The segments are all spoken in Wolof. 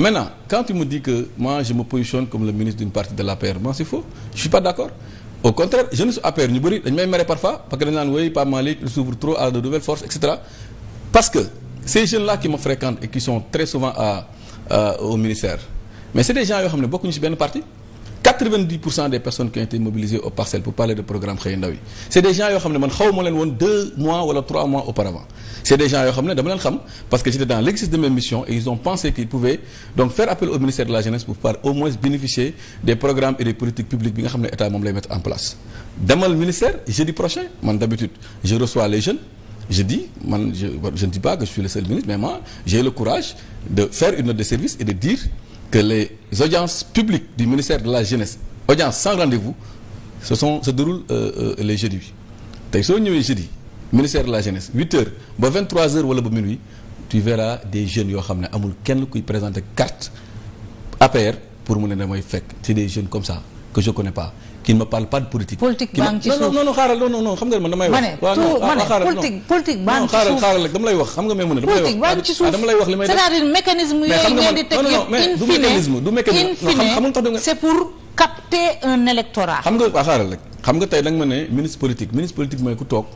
Maintenant, quand tu me dis que moi je me positionne comme le ministre d'une partie de l'APR, moi c'est faux. Je suis pas d'accord. Au contraire, je ne suis ñu bëri dañu may mere parfois parce que dañu naan oui Pape Malick il s'ouvre trop à de nouvelles forces etc. Parce que ces jeunes-là qui me fréquentent et qui sont très souvent euh, au ministère mais c'est des gens yoo xam ne bokkuñu si benn parti quatre des personnes qui ont été mobilisées aux parcelles pour parler de programme xëy ndaw yi c'est des yoo xam ne man xaw ma woon deux mois wala trois mois auparavant c'est des yoo xam ne dama leen xam parce que j'étais dans l'exercice de mes missions et ils ont pensé qu'ils pouvaient donc faire appel au ministère de la jeunesse pour pouvoir au moins bénéficier des programmes et des politiques publiques bi nga xam ne état moom lay mettre en place demal ministère je man je je ne dis pas que je le seul ministre mais moi j'ai le courage de faire une note de service et de dire que les audiences publiques du ministère de la jeunesse audiences sans rendez-vous se sont se déroulent euh, euh, les jeudis tey soo ñëwee jeudi ministère de la jeunesse 8 heures ba 23 heures wala ba minuit tu verras des jeunes yoo xam ne amul kenn kuy présenter carte APR pour mu ne damay fekk ci des jeunes comme ça. que je connais pas qui ne me parle pas de politique. politique baa ci suuf xaaral non xam nga man damay wax. ma ne tout ma ne politique politique baa ci suuf xaaral rek dama wax xam nga may mën a. politique baa ah, wax li may def c'est-à-dire mécanisme yooyu xam nga c'est pour capter un électorat. xam nga waa xaaral xam nga tey da nga ma ne ministre politique ministre politique mooy ku toog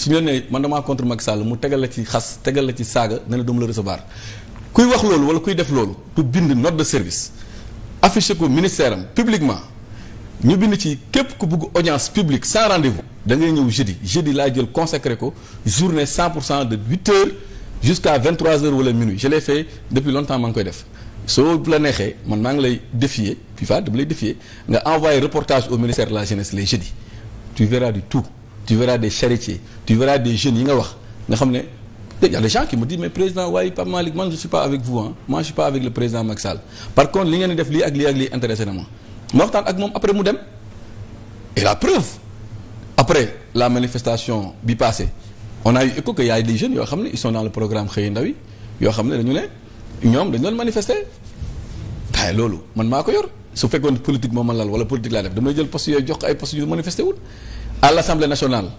su ñu la nee man damaa contre Macky Sall mu tegal la ci xas tegal la ci saaga ne la doomu la recevoir kuy wax def loolu du bind note de service affiché ko ministère am publiquement ñu bind ci képp ku bugg audience publique sans rendez-vous da ngay ñëw jeudi jeudi laa jël consacré ko journée 100 pour cent de 8 heures jusqu'à 23 heures wala minuit je l'ai fait depuis longtemps maa ngi koy def soo la neexee man maa ngi lay défier FIFA dama lay défier nga envoyé reportage au ministère de la jeunesse les jeudis tu verras du tout tu verras des charretiers tu verras des jeunes yi nga wax nga xam ne il y a des gens qui me disent mais président waaye Pape Malick man li ngeen di def lii ak lii ak ma waxtaan ak moom après mu dem et la preuve après la manifestation bi passée on a eu écho que y a des jeunes yoo xam ne ils sont dans le programme xëy ndaw yi yoo xam ne dañu ne ñoom dañu doon manifester waaye loolu man maa ko yor su fekkoon politique moo man lal wala politique laa def damay jël poste yooyu jox ay poste yu manifester à l' assemblée nationale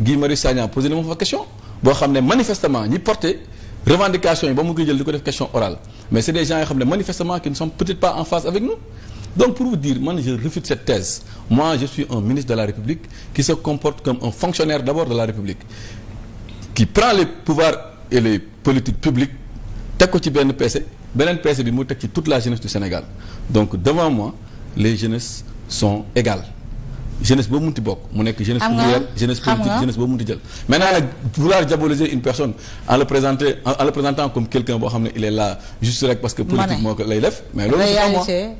Guy Marius Sagna posé na ma fa question boo xam ne manifestement ñi porté revendication yi ba mu koy jël di ko def question donc pour vous dire man je réfute cette thèse moi je suis un ministre de la République qui se comporte comme un fonctionnaire d'abord de la République qui prend les pouvoirs et les politiques publiques teg ko ci benn pese beneen PC bi mu teg ci toute la jeunesse du Sénégal donc devant moi les jeunesses sont égales jeunesse boobu munti bokk mu nekk jeunesse ouvrière jeunesse politique jeunesse boobu munti jël maintenant nag vouloir diaboliser une personne en le boo xam ne il est là juste lay def